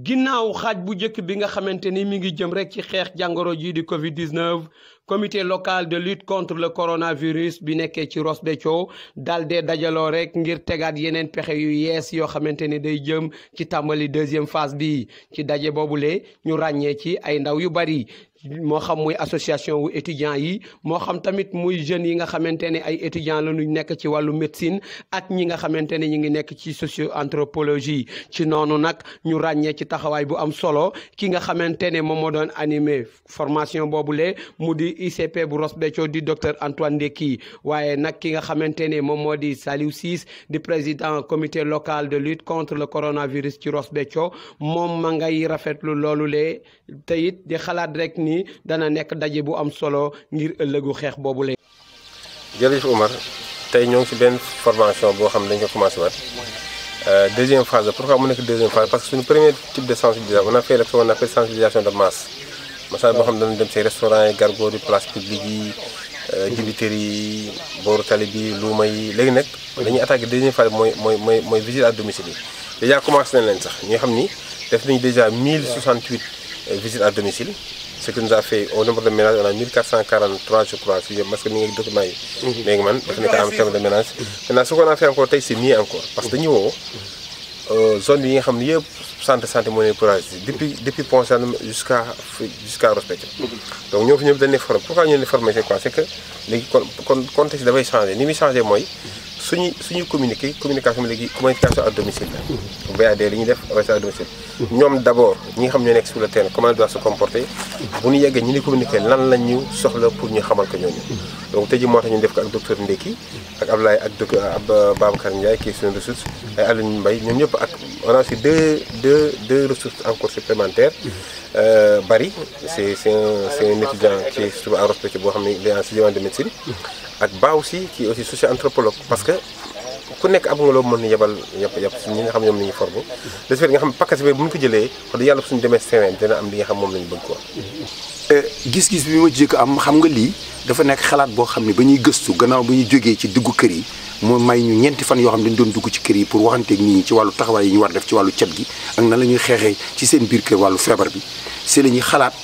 ginnaaw xaaj bu njëkk bi nga xamante ni mi ngi jëm rek ci xeex jàngoro jii di Covid 19 comité locale de lutte contre le coronavirus bi nekkee ci Ross Béthio dal dee dajaloo rek ngir tegaat yeneen pexe yu yees yoo xamante ni day jëm ci tàmbali deuxième phase bi ci daje boobu boobule ñu ràññee ci ay ndaw yu bari moi xam muy association wu étudiants yi moo xam tamit muy jeune yi nga xamante ay étudiants la ñu nekk ci wàllu médecine ak ñi nga xamante ne ñu ngi nekk ci socio anthropologie ci noonu nag ñu ràññee ci taxawaay bu am solo ki nga animé formation bobule mu di ICP bu Ross di docteur Antoine Ndeki waaye nak ki nga xamante ne moom di di président comité local de lutte contre le coronavirus ci Ross mom moom ma ngay rafetlu loolu le te it di rek nii dana nek dajé bu am solo ngir ëllëgu xeex bobu la. jërëjëf Omar tay ñong ci ben formation boo xam dañ ko commencé euh deuxième phase la pourquoi mu nek deuxième phase parce que suñu premier type de sensibilisation on a fait on a fait sensibilisation de masse massage bo xam ne dem ci restaurant yi gargot place publique yi. Euh, dibiteri yi booru tali bi luuma yi léegi dañuy attaqué deuxième phase moy moy moy visite à domicile avons déjà commencé nañ avons sax ñi def nañu déjà 1068 euh, visites à domicile ce qui nous a fait au nombre de ménages on a 1443 je crois fii parce que mi document yi mhm. léegi man daf nekk en terme de ménage mhm. maintenant ce qu'on a fait encore tey c'est mieux encore parce que dañu euh, zone yi nga xam ne yëpp santé santé moo nekk courage depuis depuis Poncane jusqu'à jusqu'à Rospecce mhm. donc ñoom fi ñoom dañ ne formé pourquoi ñu ne formé c'est quoi kon kon dafay changé ni muy changé mooy suñu suñu communiqué communication bi léegi communication à domicile la mhm. VAD li ñuy def communication à ñoom d' abord ñi nga xam ñoo nekk sur le terrain comment ils doivent se comporter mhm. bu ñu yeggee ñu ni communiqué lan la ñu soxla pour ñu xamal ko ñooñu mhm. donc tey jii moo tax ñu def ko ak docteur Ndeki ak Ablaye ak doc ab Babacar kii suñu ressource ay Alioune Mbaye ñoom ñëpp ak on a aussi deux deux deux ressources encore supplémentaires euh, Barry c' est c' est un étudiant qui est boo xam ne il est en sixième ak Ba aussi qui aussi socio-anthropologue parce que ku nek am nga loo mën yebal yab yab ñi nga xam ñom la forbu formé fait nga xam pakkas bi bu ñu ko jëlee wax dëgg yàlla suñu demee semaine dina am li nga xam moom lañu ñu bëgg ko euh, gis-gis bi ma jëkk am xam nga li dafa nek xalaat bo xamni bañuy gëstu gannaaw ba joggé ci duggu kër yi mo may ñu ñeenti fan yo xam ne doon duggu ci kër yi pour waxanteeg nit ñi ci walu taxaway yi ñu war def ci walu cet gi ak nan lañuy ñuy ci seen biir kër walu fièvre bi c'est lañuy xalaat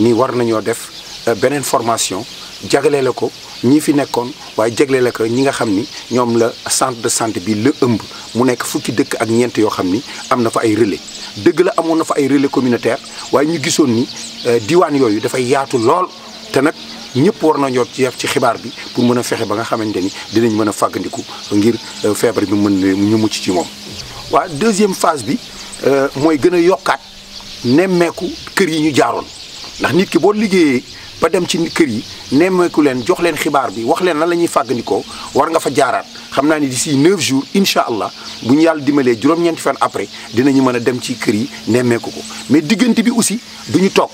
ni war nañoo def euh, benen formation jagalé la ko ñi fi nekkoon waaye jegle la ko ñi nga xam ni ñoom la centre de santé bi la ëmb mu nekk fukki dëkk ak ñeent yoo xam ni am na fa ay relais dëgg la amoon na fa ay relais communautaire waaye ñu gisoon ni euh, diwaan yooyu dafay yaatu lool te nag ñëpp war na ñor ci xibaar bi pour mën a fexe ba nga xamante ni dinañ mën a fàggandiku ngir euh, feebar bi mën ñu mucc ci moom waa deuxième phase bi euh, mooy gën a yokkaat nemmeeku kër yi ñu jaaroon ndax nit ki boo liggéeyee ba dem ci kër yi nemmeeku len jox len xibar bi wax len nan lañuy fagandiko war nga fa jaarat xamna ni d'ici 9 jours inshallah buñu yàlla dimbalee juroom ñent fan après dinañu mëna dem ci kër yi nemmeeku ko mais digënté bi aussi duñu tok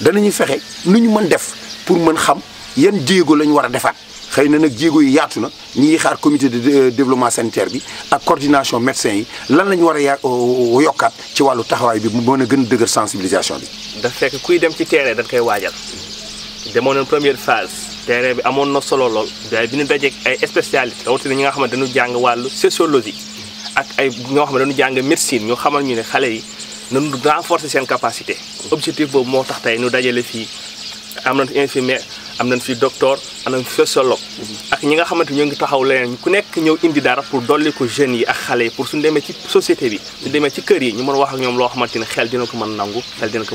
dañuy fexe nuñu mën def pour mën xam yeen djégo lañu wara defat xeyna nak djégo na nag yi yaatu na ñi xaar comité de développement sanitaire bi ak coordination médecin yi lan la wara yokkat ci walu taxaway bi mo na gën a sensibilisation bi. da fekk kuy dem ci terrain dañ kay wajal demoon na première phase terrain bi amoon na solo lool waaye bi dajee dajeek ay spécialistes rawatina ñi nga xamante ne jàng wàllu sociologie ak ay ñoo xam ne dañu jàng médecine ñu xamal ñu ne xale yi nañu renforcer seen capacité. objectif boobu moo tax tey ñu dajale fii am nañ fi infirmier am nañ fi docteur am nañ fi sociologue ak ñi nga xamante ñoo ngi taxaw leneen ku nekk ñëw indi dara pour dolli ko jeunes yi ak xale yi pour suñu demee ci société bi. suñu demee ci kër yi ñu mën wax ak ñoom loo xamante ni xel dina ko mën nangu xel dina ko.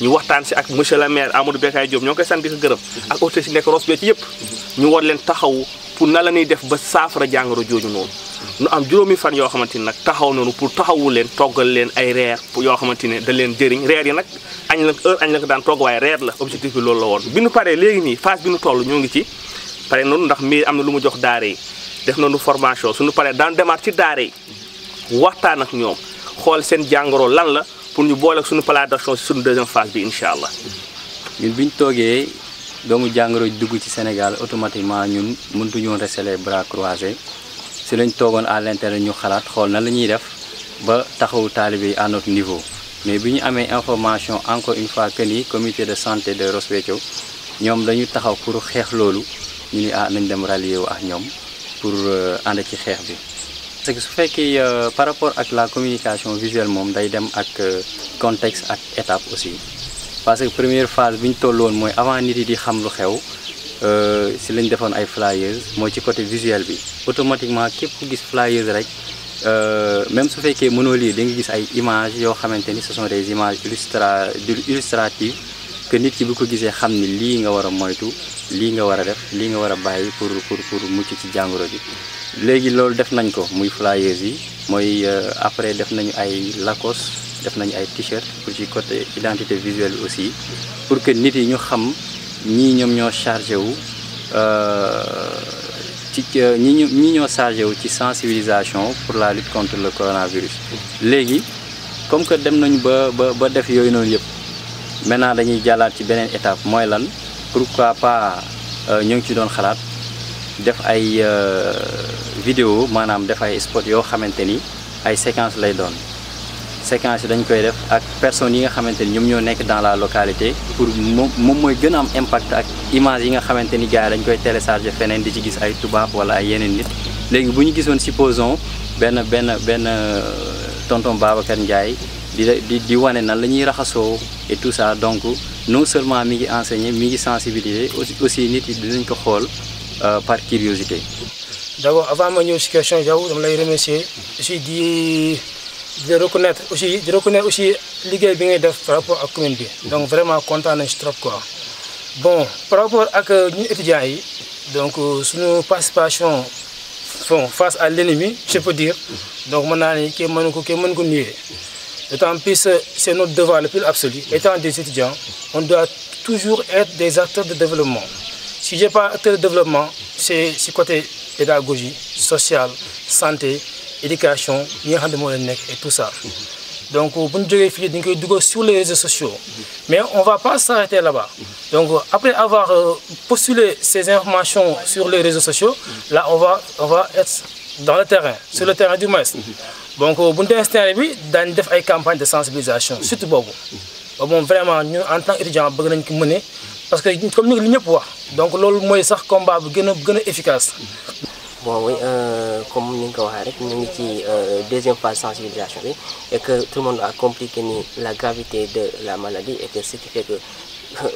ñu waxtaan si ak monsieur le maire Amadou Becaye Diop ñoo ngi koy sant di ko gërëm ak autorité si nekk Ross Béthio yëpp ñu war leen taxaw pour na la ñuy def ba saafara jàngoro jooju noonu nu am juróomi fan yoo xamante ni nag taxaw noonu pour taxawu leen toggal leen ay reer yoo xamante ne da leen jëriñ reer yi nag añ la heure daan togg waaye reer la objectif bi loolu la woon bi nu paree léegi nii phase bi nu toll ñoo ngi ci pare noonu ndax mii am na lu mu jox daare yi def nañu formation suñu paree daan demaat ci daare waxtaan ak ñoom xool seen jàngoro lan la pour ñu boole ak suñu plan d'action si suñu deuxième phase bi incha allah. ñun bi ñu toogee doomu jàngoro dugg ci Sénégal automatiquement ñun mëntuñu woon rester les bras si lañ toogoon à l'intérieur ñu xalaat xool na la ñuy def ba taxawu taalibe yi à notre niveau. mais bi ñu amee information encore une fois que ni comité de santé de Ross Béthio ñoom dañu taxaw pour xeex loolu ñu ni ah nañ dem rallier wu ak ñoom pour euh, ànd ci xeex bi. ce que euh, par rapport à la communication visuelle moom day dem ak euh, contexte et étape aussi parce que première phase bi ñu tolloon avant de yi di xam lu xew euh, si lañ defoon ay flyers mooy ci côté visuel bi automatiquement képp ku gis flyers euh, même su fekkee mënoo lire di nga gis ay images yoo ce sont des images illustra illustratives nit ki bu ko gisee xam ni lii nga war a moytu lii nga war a def lii nga war a bàyyi pour pour pour mucc ci jàngoro ji léegi loolu def nañ ko muy flyers yi mooy euh, après def nañu ay lakos def nañu ay t-shirt ci côté identité visuelle bi aussi pour que nit yi ñu xam ñii ñoom ñoo chargé wu euh, ci ñi ñu ñi ñoo chargé wu ci sensibilisation pour la lutte contre le coronavirus léegi comme que dem nañu ba ba ba def yooyu noonu yëpp maintenant dañuy jalaat ci benen étape moy lan pourquoi pas euh, ñu ci doon xalaat def ay euh, vidéo manam def ay spot yo xamanteni ay séquence lay doon séquence dañ koy def ak personne yi nga xamanteni ñom ñoo nekk dans la localité pour mom moy gëna am impact ak image yi nga xamanteni gaay dañ koy télécharger fenen di ci gis ay tubaab wala ay yenen nit légui buñu gisoon supposons benn benn benn euh, tonton Babacar ndjay di di di wane nan la ñuy raxasoo et tout ça donc non seulement mi ngi enseigner mi ngi sensibiliser aussi nit yi dinañ ko xool euh, par curiosité. d'abord avant ma ñëw si question yow dama lay remercier aussi di di reconnaître aussi di reconnaître aussi liggéey bi ngay def par rapport ak commune bi. donc vraiment kontaan nañ si trop quoi. bon par rapport ak ñu étudiants yi donc euh, suñu participation. bon face à l'ennemi je peux dire donc mën naa ne kii mënu ko kii mën ko nuyee plus, euh, c'est notre devoir le plus absolu. Étant des étudiants, on doit toujours être des acteurs de développement. Si je n'ai pas acteur de développement, c'est côté pédagogie, social, santé, éducation, et tout ça. Donc, euh, sur les réseaux sociaux. Mais on ne va pas s'arrêter là-bas. Donc, euh, après avoir postulé ces informations sur les réseaux sociaux, là, on va, on va être dans le terrain, sur le terrain du maïs donc euh, bon ñu demee terrain bi def ay campagne de sensibilisation surtout boobu Bon vraiment nous en tant que étudiant bëgg nañ ko parce que comme nous, nous ñëpp donc loolu mooy sax combat bi gën a efficace. bon oui euh, comme nous l'avons dit, nous rek ñu euh, deuxième phase de sensibilisation et que tout le monde a compris que la gravité de la maladie et que ce qui fait que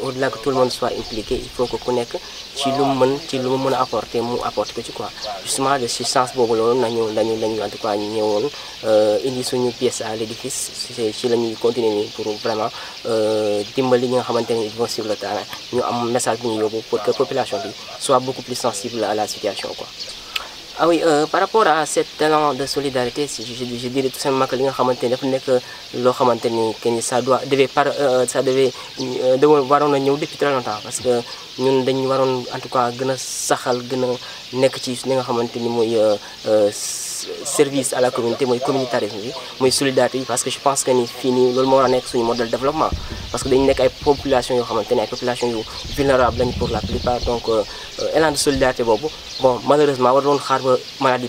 au-delà que tout le monde soit impliqué il faut que ku nekk ci lu mu mën ci lu mu mën a apporter mu apporter ko ci quoi justement de ci sens boobu loolu nañu lañu lañu en tout cas ñu ñëwoon euh, indi suñu pièce à l'édifice ci la ñuy continuer nii pour vraiment euh, dimbali ñi nga xamante ne ils vont sur le ñu am message bu ñu yóbbu pour que population bi soit beaucoup plus sensible à la situation quoi ah oui euh, par rapport à cet élan de solidarité je, je, je dirais tout li nga xamante ni dafa nekk loo xamante ni que ni ça doit devait par euh, ça devait euh, da waroon a ñëw depuis très longtemps parce que ñun dañu waroon en tout cas gën a saxal gën a nekk ci li nga xamante ni mooy service à la communauté mooy communautarisme bi solidarité parce que je pense que ni fini nii loolu moo développement parce que dañu nekk ay population population vulnérable pour la plupart donc euh, élan de solidarité bon malheureusement on a une ba maladie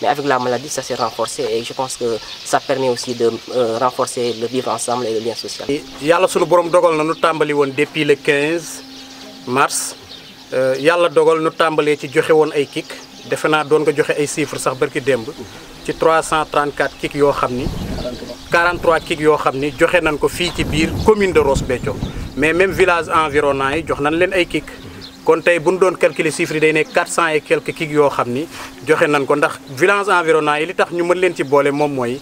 mais avec la maladie ça s'est renforcé et je pense que ça permet aussi de euh, renforcer le vivre ensemble et le lien social Il suñu a dogal na nu tàmbali depuis le 15 mars euh, yàlla dogal nu de ci joxe woon ay kik defe naa doon nga joxe ay chiffres sax ki démb ci 334 kik yoo xam ni 43 kik yoo xam ni joxe nañ ko fii ci biir commune de Ross Béthio mais même village environnant yi jox nañ leen ay kik kon tey bu ñu doon calculer chiffres yi day nekk 400 et quelques kii yoo xam ni joxe nañ ko ndax villages environnants yi li tax ñu mën leen ci boole moom mooy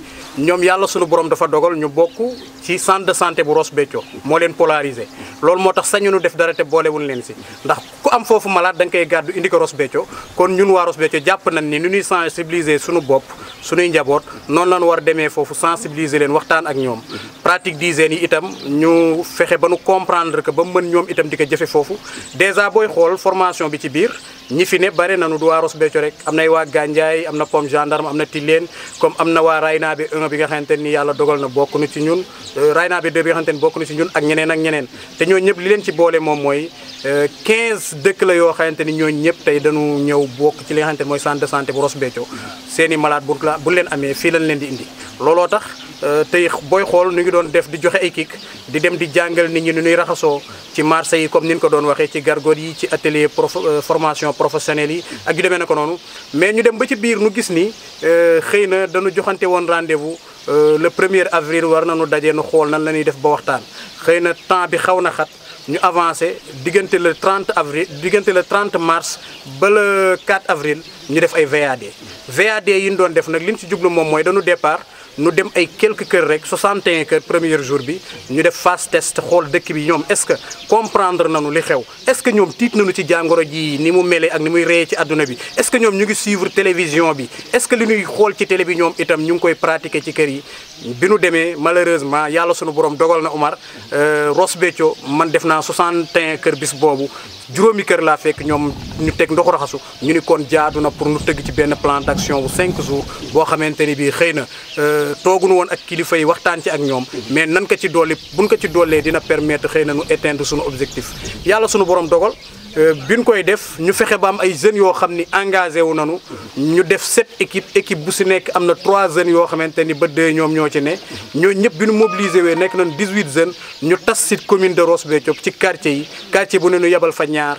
ñoom yàlla suñu borom dafa dogal ñu bokk ci centre de santé bu Ross Béthio moo leen polarisé loolu moo tax sañu ñu def dara te boole leen si ndax ku am foofu malaat da nga koy gàddu indi ko Ross Béthio kon ñun waa Ross Béthio jàpp nañ ni nu ñuy sensibiliser suñu bopp suñuy njaboot non lañu war démé fofu sensibiliser len waxtaan ak ñom pratique d'hygiène yi itam ñu fexé ba nu comprendre que ba mën ñom itam di jëfé fofu déjà boy xol formation bi ci biir ñi fi ne bare nanu du waa Ross Béthio rek am nay waa Gandiaye am na pomme gendarme am na Tilène comme am na waa Raynaabe 1 bi nga xamante ni yàlla dogal na bokk nu ci ñun euh, Raynaabe 2 bi nga xamante ni bokk nu ci ñun ak ñeneen ak ñeneen te ñoo ñëpp li leen ci boole moom mooy 15 euh, dëkk la yoo xamante ni ñooñu ñëpp tey dañu ñëw bokk ci li nga mooy centre de santé bu Ross Béthio seen i malade bu la bu leen amee fii lañ leen di indi tax Euh, tey booy xool nu ngi doon def di joxe ay kick di dem di jàngal ni ñi nu ñuy raxasoo ci marché yi comme ni ñu ko doon waxee ci gargot yi ci atelier euh, formation professionnelle yi ak yu demee na ko noonu mais ñu dem ba ci biir nu gis ni euh, xëy na danu joxante woon rendez-vous le premier avril war na nañu daje nu xool nan la ñuy def ba waxtaan xëy na temps bi xaw na xat ñu avancé diggante la trente avril diggante la 30 mars ba le 4 avril ñu def ay VAD VAD yi ñu doon def nag li ñu ci jublu moom mooy dañu départ Nous dem quelques rek 61 le premier jour bi ñu def un test xol bi est-ce que comprendre nañu li est-ce que nous nous nañu ci nous ji ni mu ni muy est-ce que nous ñu ngi télévision est-ce que nous ñuy xol ci télé bi ñom itam bi nu demee malheureusement yàlla sunu borom dogal na Omar euh, Ross Béthio man def naa 61 kër bis boobu juróomi kër laa fekk ñoom ñu teg ndoxu raxasu ñu ni kon jaadu na pour nu tëgg ci benn plantaction bu cinq jours boo xamante ni bii xëy na euh, toogunu woon ak kilifa yi waxtaan ci ak ñoom mais nan ko ci dolli buñ ko ci doolee dina permettre xëy na nu atteindre sunu objectif yàlla sunu borom dogal Euh, bi biñ koy def ñu fexe ba am ay jeunes yoo xam ni engagé wu nanu ñu def sept équipe équipe bu si nekk am na trois jeunes yoo xamante ni ba deux ñoom ñoo ci ne ñoo ñëpp bi nu mobilisé wee nekk nañ dix-huit jeunes ñu tas si commune de Ross Béthio ci quartier yi quartier bu ne ñu yebal fa ñaar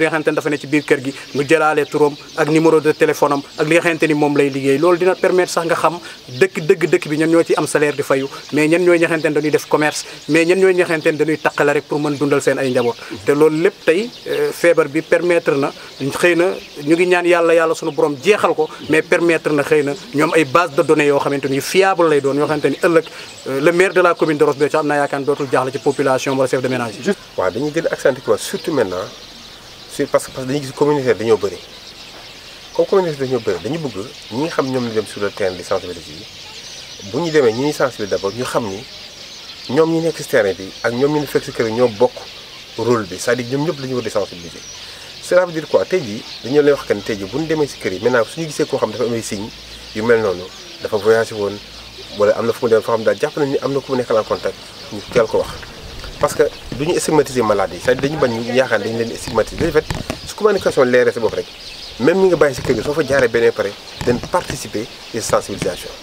bi nga xamante ni dafa ne ci biir kër gi nga jëlaale turam ak numéro de téléphone ak li ni moom lay liggéey loolu dina permettre sax nga xam dëkk dëkk bi ñan ñooy ñi ni dañuy def rek pour mën dundal seen ay njaboot te loolu lépp tey euh, feebar bi permettre na xëy na ñu ngi ñaan yàlla yàlla suñu borom jeexal ko mais permettre na xëy na ñoom ay base de données yoo xamante ni fiable lay doon yoo xamante ëllëg euh, le maire de la commune de Ross Béthio am naa yaakaar dootul jaaxle ci population wala chef de ménage yi dañuy gën a c'est parce que parce que dañuy gis communautaire dañoo bëri comme communautaire dañoo bëri dañu bëgg ñi nga xam ñoom ñu dem su le terrain di sensibiliser yi bu ñu demee ñi ñuy sensibiliser d'abord ñu xam ni ñoom ñu nekk si terrain bi ak ñoom ñu ne fekk si kër ñoo bokk rôle bi c'est-à-dire ñoom ñëpp la ñu war di sensibiliser cela veut dire quoi tey jii dañoo leen wax que ni tey jii bu ñu demee si kër yi maintenant suñu gisee koo xam dafa amee signe yu mel noonu dafa voyagé woon wala am na fu mu dem foo jàpp nañ ni am na ku mu nekkal en contact ñu ko wax duñu stigmatiser maladie yi cest dañu bañ yaakaar dañu leen stigmatiser en fait su communication leeree sa bopp rek même ñi nga bàyyi si kër gi soo fa jaaree beneen pare dañ participer ci sensibilisation